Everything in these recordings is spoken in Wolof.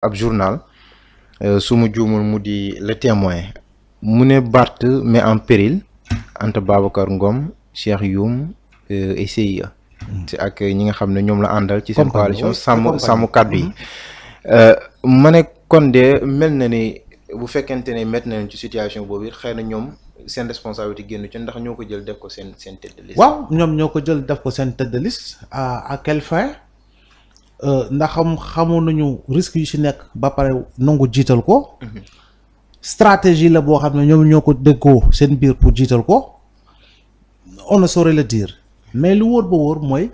ab journal euh, su mu juumul mu di le témoin mu ne Barth met en péril entre Babacar Ngom Cheikh Youm euh, et hmm. ak ñi nga xam ne ñoom la àndal ci seen coalition sàmm sàmm kàddu yi hmm. euh, ma ne kon de mel na ni bu fekkente ne met nañ ci situation boobu it xëy na ñoom seen responsabilité génn ci ndax ñoo ko jël def ko seen seen tête de liste waaw ñoom ñoo ko jël def ko seen tête de liste à fin Euh, ndax xam xamoon nañu risque yu ci nekk ba pare nangu jiital ko. stratégie la boo xam ne ñoom ñoo ko déggoo seen biir pour jiital ko on ne saurait le dire mais lu wóor ba wóor mooy.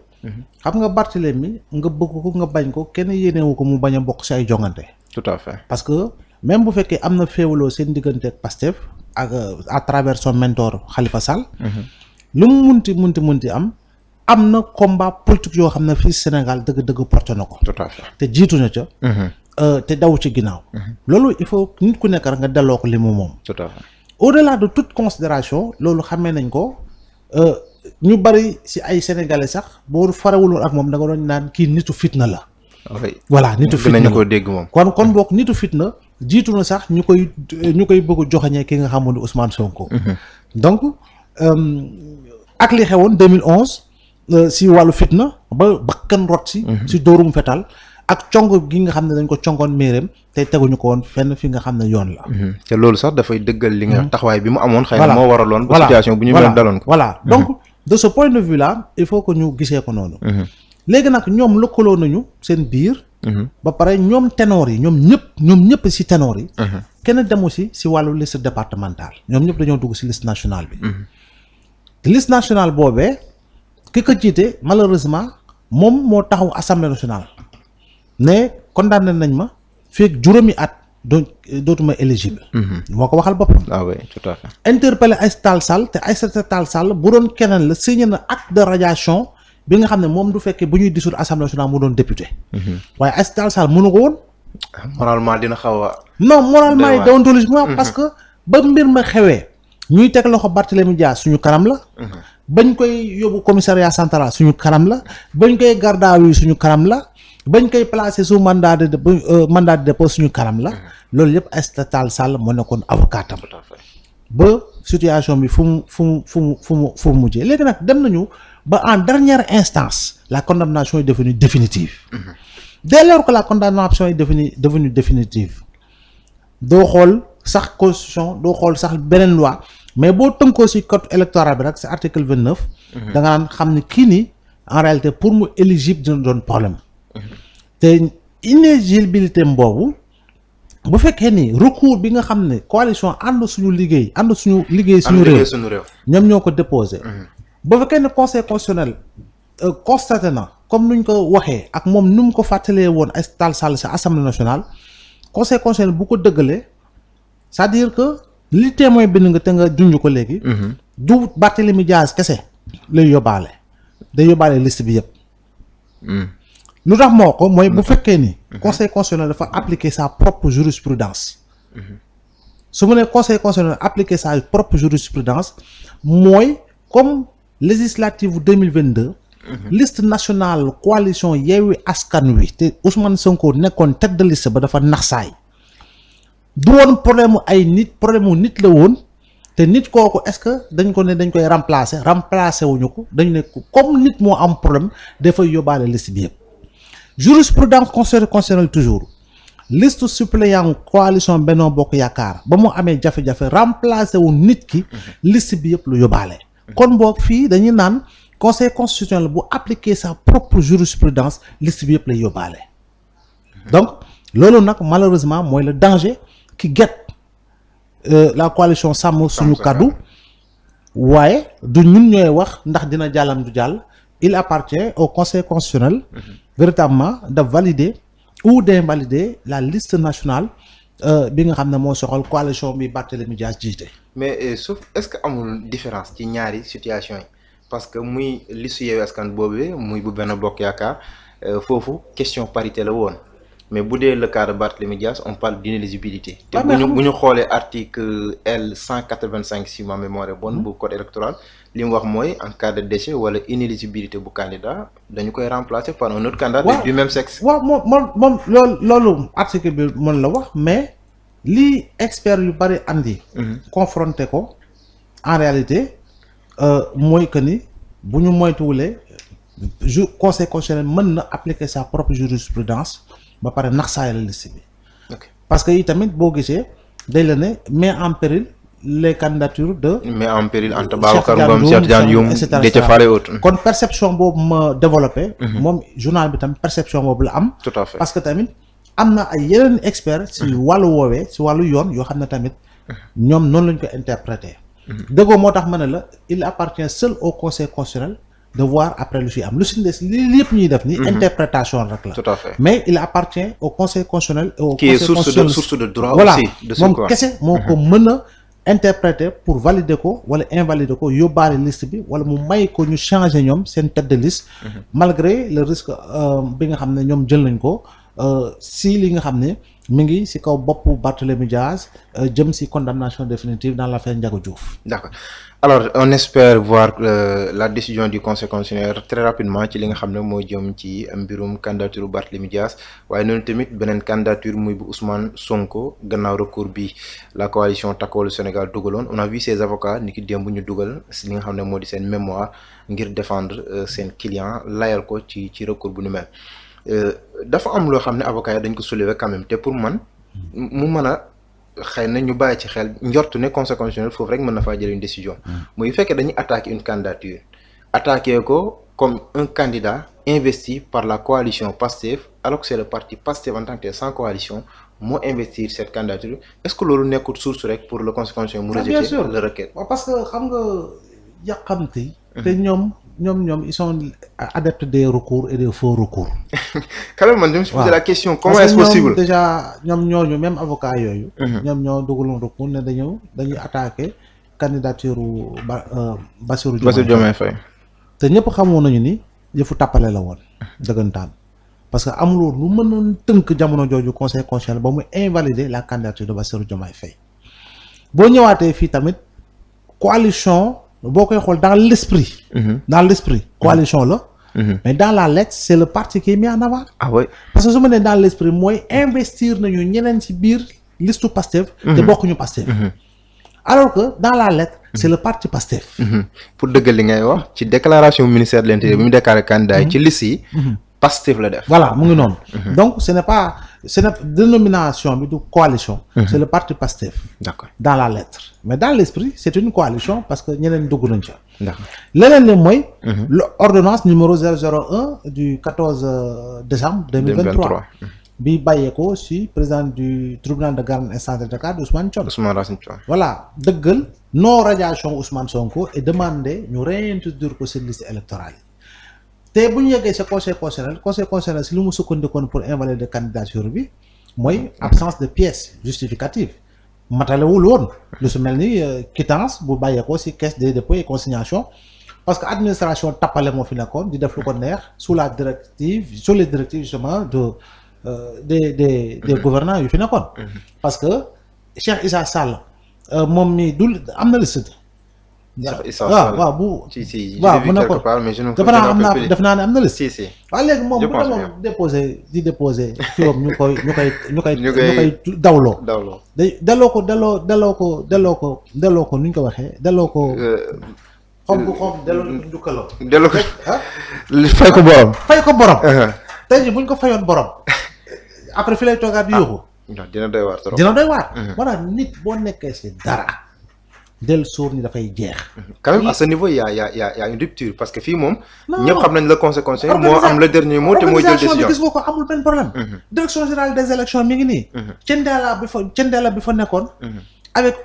xam nga Barthélemy nga bëgg ko nga bañ ko kenn yéenewu ko mu bañ a bokk ci ay jongante. tout à fait parce que même bu fekkee am na féewaloo seen diggante ak Pastef ak euh, à travers son mentor Khalifa Sall. Mhm. lu mu munti munti munti am. am na combat politique yoo xam ne fii Sénégal dëgg-dëgg porté na ko. tout à te jiitu na ca. Mhm. Euh, te daw ci ginnaaw. Mhm. loolu il faut nit ku nekk rek nga delloo ko li mu moom. tout à fait au de toute considération loolu xamee nañ ko euh, ñu bari si ay sénégalais sax boo farawuloon ak moom da nga doon naan kii nitu fitna la. voilà nitu fitna la ko dégg moom. kon kon mhm. boog nitu fitna jiitu na sax ñu koy ñu koy bëgg joxañee ki nga xamoon ne Ousmane Sonko. donc euh, ak li xewoon 2011. Euh, si wàllu fitna ba kan rot si. Mhm. si dóorum fetal ak cong gi nga xam ne dañ ko congoon tey te teguñu ko woon fenn fi nga xam ne yoon la. Mhm. te loolu sax dafay dëggal li nga. Mhm. taxawaay bi mu amoon. xëy na moo waraloon. ba situation bu ñu mel daloon ko. voilà donc de ce point de vue là il faut que ñu gisee ko noonu. léegi nag ñoom lëkkaloo nañu seen biir. ba pare ñoom tenoor yi ñoom ñëpp ñoom ñëpp si ténor yi. kenn demu si si wàllu liste départementale ñoom ñëpp dañoo dugg si liste nationale bi. boobee. ki ko jiite malheureusement moom moo taxaw assemblée nationale ne condamné nañ ma feeg juróomi at doo dootuma éligible. Mhm. moo ko waxal boppam. ah oui tout à fait. interpellé Aïssata Tall Sall te Aïssata Tall Sall bu doon keneen la signé na acte de radiation bi nga xam ne moom du fekkee bu ñuy dissout assemblée nationale mu doon député. Mhm. waaye Aïssata Tall Sall mënu ko woon. Ah, moralement dina xaw a. non moralement yi déontologiquement mhm. parce que ba mbir ma xewee ñuy teg loxo Barthélémy Dias suñu kanam la. bañ koy yóbbu commissariat central suñu kanam la bañ koy garda wi suñu kanam la bañ koy placer sous mandat de euh, mandat de dépôt suñu kanam la loolu yëpp Aïssata Sall moo nekkoon avocat am ba situation bi fu mu fu mu fu mu fu mu fu mu mujjee léegi nag dem nañu ba en dernière instance la condamnation est devenue définitive mm-hmm. dès lors que la condamnation est devenue devenue définitive doo xool sax constitution doo xool sax beneen loi mais boo tënkoo ci code électoral bi rek ci article vingt neuf. Mhm. da nga naan xam ni kii nii en réalité pour mu éligible dina doon problème. Mhm. te inéligibilité boobu bu fekkee ni recours bi nga xam ne coalition ànd suñu liggéey ànd suñu liggéey suñu réew ñoom ñoo ko déposé mhm. bu fekkee ne conseil constitutionnel euh, constaté na comme nuñ ko waxee ak moom nu mu ko fàttalee woon ay taal sall sa assemblée nationale conseil constitutionnel bu ko dëggalee cest dire que li témoin bind nga te nga junj ko léegi. Mhm. du Barthélemy Dias kese lay yóbbaale day yóbbaale liste bi yëpp. Mhm. lu tax moo ko mooy bu mhm. fekkee ni. conseil constitutionnel dafa appliquer sa propre jurisprudence su ma ne conseil constitutionnel appliquer sa propre jurisprudence mooy comme législative deux mille vingt deux. liste nationale coalition Yewwi Askan Wi te Ousmane Sonko nekkoon tedd de liste ba dafa nax saay du woon problème mu ay nit problème mu nit la woon te nit kooku est-ce que dañ ko ne dañ koy remplacer remplacer wuñu ko dañu ne comme nit moo am problème dafay yóbbaale liste bi yëpp jurisprudence conseil constitutionnel toujours liste suppléant coalition Benno Bokk Yaakaar ba mu amee jafe-jafe remplacer wu nit ki mhm. list bi yëpp lu yóbbaale. kon boog fii dañuy naan conseil constitutionnel bu appliquer sa propre jurisprudence liste bi yëpp lay yóbbaale mhm. donc loolu nag malheureusement mooy le danger. qui guette euh, la coalition sàmm suñu kàddu waaye du ñun ñooy wax ndax dina jàllan du jàll il appartient au conseil constitutionnel mmh. véritablement de valider ou d'invalider la liste nationale euh, bi nga xam ne moo soxal coalition bi Barthélémy Dias jiite mais euh, sauf est-ce que amul différence ci ñaari situation yi parce que muy listu Yewwi Askan boobu muy bu Benno Bokk Yaakaar foofu question parité la woon mais bu dee le cas de Barthélémy Dias on parle d'inéligibilité ah, te bu ñu bu ñu xoolee article L cent quatre-vingt-cinq si ma mémoire bonne hmm. bu code électoral li mu wax mooy en cas de décès wala inéligibilité bu candidat dañu koy remplacer par un autre candidat ouais. du même sexe waaw moom moom moom loolu loolu article bi mën la wax mais lii expert yu bari andi hmm. confronté ko en réalité euh, mooy que ni bu ñu moytuwulee ju conseil mën na appliquer sa propre jurisprudence ba pare nax saayal liste bi. parce que yi tamit boo gisee day la ne met en péril les candidatures de. met en péril Anta Babacar Ngom Cheikh Tidiane Youm Déthié Fall et autres. kon perception boobu ma développé. Mhm. moom journal bi tam perception boobu la am. tout à fait parce que tamit am na ay yeneen experts. si mhm. wàllu woowee si wàllu yoon yoo xam ne tamit. Mhm. ñoom noonu lañ ko interprété. dëggoo moo tax ma ne la il appartient seul au conseil constitutionnel. de voir après lu si am lu si des li yëpp ñuy def ni mhm. interprétation rek la tout mais il appartient au conseil constitutionnel et au qui est source de source de moom kese moo ko mhm. mën a interpréter pour valider ko wala invalider ko yóbbaale liste bi wala mu may ko ñu changer ñoom seen tête de liste mhm. malgré le risque euh, bi nga xam ne ñoom jël nañ ko si li nga xam ne mu ngi si kaw boppu Barthélemy Diaz euh, jëm si condamnation définitive dans l'affaire Ndiaga Diouf. d'accord alors on espère voir euh, la décision du conseil constitutionnel très rapidement ci li nga xam ne mooy jëm ci mbirum candidature Barthélemy Diaz waaye noonu tamit beneen candidature muy bu Ousmane Sonko gannaaw recours bi la coalition Takku Sénégal dugaloon on a vu ses avocats ni ki démb ñu dugal si li nga xam ne moo di seen mémoire ngir défendre euh, seen client layal ko ci ci recours bu nu Euh, dafa am loo xam ne avocat yi dañ ko soulever quand même te pour man mu mën a xëy na ñu bàyyi ci xel njortu ne conseil foofu rek mën na faa jëlee une décision. Mm. yu fekkee dañuy attaquer une candidature attaquer ko comme un candidat investi par la coalition PASTEF alors que c'est le parti PASTEF en tant que sans coalition moo investir cette candidature est-ce que loolu nekkul source rek pour le conseil mu mu ah, rejeter la requête. waaw parce que xam nga yàqamte mm-hmm. te ñoom. ñoom ñoom ils sont adeptes des recours et des faux recours. quand man je me suis la question. comment est-ce possible parce que déjà ñoom ñooñu même avocat yooyu. Mhm. ñoom ñoo dugaloon recours ne dañu dañuy attaquer candidature ba euh, Bassirou Diomaye Faye te ñëpp xamoon nañu ni yëfu tàppale la woon. dëggantaan parce que amuloo lu mënoon tënk jamono jooju conseil constitutionnel ba mu invalider la candidature de Bassirou Diomaye Faye boo ñëwaatee fii tamit coalition. boo koy xool dans l' mhm. dans l' esprit mhm. coalition la. Mhm. mais dans la lettre c' est le parti qui est mis en avant. ah oui parce que su ma nee dans l' mooy investir nañu ñeneen ci biir listu Pastef. te bokkuñu Pastef. alors que dans la lettre. c' est le parti pour dëggal li ngay wax ci déclaration ministère de l' intérieur bi mu déclaré candidat yi ci liste yi. Pastef la def. voilà mu ngi noonu. Mhm. donc ce n' pas ce n' est dénomination bi du coalition. Mhm. c' le parti Pastef. dans la lettre. mais dans l' esprit une coalition parce que ñeneen dugg nañ ca. d' leneen li mooy. Mhm. l'ordonnance numéro 001 du euh, décembre. bi bàyyeekoo si président du tribunal de grande instance de Dakar Ousmane Thion. Ousmane Racine Thion. voilà dëggal non radiation Ousmane Sonko et demander ñu réintroduire ko sur liste yi. te bu ñu yeggee sa conseil constitutionnel conseil constitutionnel si lu mu sukkandikoon pour invalider candidature bi mooy mm. absence de pièce justificative matalewul woon lu su mel ni euh, quittance bu bàyyeekoo si caisse des dépôts et consignation parce que administration tappale moo fi nekkoon di def lu ko neex sous la directive sous les directives justement de euh, des des des gouvernants yu fi nekkoon mm-hmm. parce que Cheikh Issa Sall euh, moom mii dul am na liste waaw waaw bu. si si waaw mu ne ko dafa naa am naa def ne am na liste. si si waaw léegi moom bu ne moom déposé di déposé ci ñu koy ñu koy ñu koy. ñu koy dawloo. daloo ko daloo daloo ko daloo ko daloo ko nu ñu ko waxee daloo ko. xom bu xom daloo njukkaloo. daloo ko eh, fay ko borom. fay ko borom. Eh, eh. tey jii bu ñu ko fayoon borom. après fi lay toogaat di ah, yóbbu. dina doy waar trop dina doy waar. maanaam nit boo nekkee si dara. del sóor ni dafay jeex. quand même ce niveau y' a y' une rupture parce que fii moom. ñëpp xam nañ la conséquence yi moo am le dernier mot te mooy jël décision gis amul benn problème. Mhm. direction générale des élections mi ngi nii. Mhm. cëndeela bi fa cëndeela bi fa nekkoon. Mhm. avec